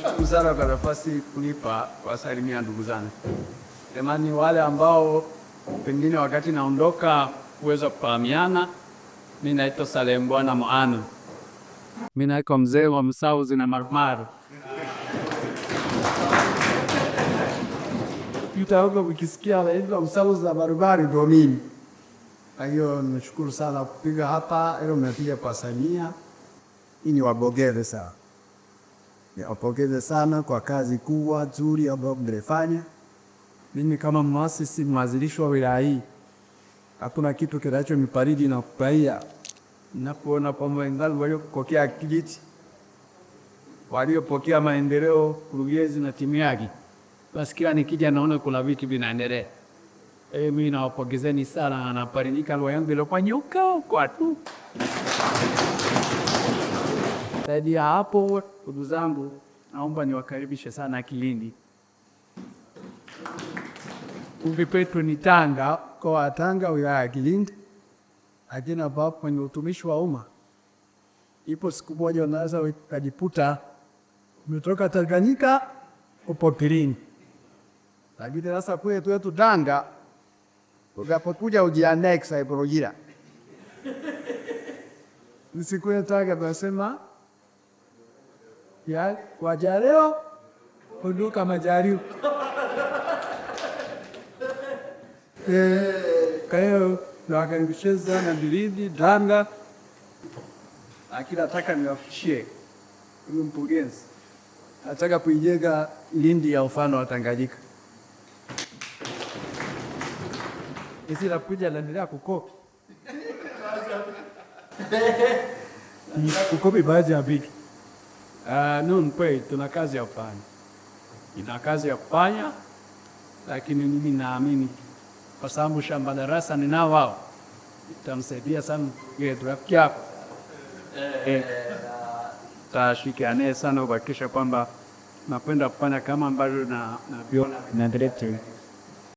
Nachukua sana kwa nafasi kunipa kuwasalimia ndugu zangu, jamani, wale ambao pengine wakati naondoka kuweza kufahamiana. Mimi naitwa Salem Bwana Moano, mimi naiko mzee wa msauzi na marumaru utaoga ukisikia naitwa msauzi na marumaru ndio mimi. Kwa hiyo nashukuru sana kupiga hapa, ilo mnapiga kwa salimia hii ni sana niwapongeze sana kwa kazi kubwa nzuri ambayo mmefanya. Mimi kama mwasisi mwanzilishi wa wilaya hii, hakuna kitu miparidi na kufurahia nakuona kwamba wenzangu waliopokea kijiti, waliopokea maendeleo, kurugenzi na timu yake, basi kila nikija naona kuna vitu vinaendelea. Eh, mimi nawapongezeni sana, naparidhika roho yangu ilikuwa nyoka kwa tu zaidi ya hapo, ndugu zangu, naomba niwakaribishe sana Kilindi. Kumbi petu ni Tanga, mkoa wa Tanga, wilaya ya Kilindi, lakini ambapo kwenye utumishi wa umma ipo siku moja unaweza ukajiputa umetoka Tanganyika upo Kilindi, lakini sasa kwetu wetu Tanga ukapokuja ujiandae kisaikolojia. Siku ya Tanga tunasema ya wajaleo hunduka majaribu eh, kwa hiyo nawakaribisha sana Bilidi Tanga, lakini nataka niwafikishie huyu mkurugenzi, nataka kuijenga Lindi ya ufano wa Tanganyika. Hizi nakuja naendelea kukopi kukopi baadhi ya vitu Uh, ah, nunpe tuna kazi ya kufanya, e ina kazi ya kufanya, e lakini mimi naamini kwa sababu shamba darasa ninao wao, itamsaidia sana ile rafiki yako eh, tashikane sana kuhakikisha kwamba nakwenda kufanya kama ambavyo na naviona vinaendelea.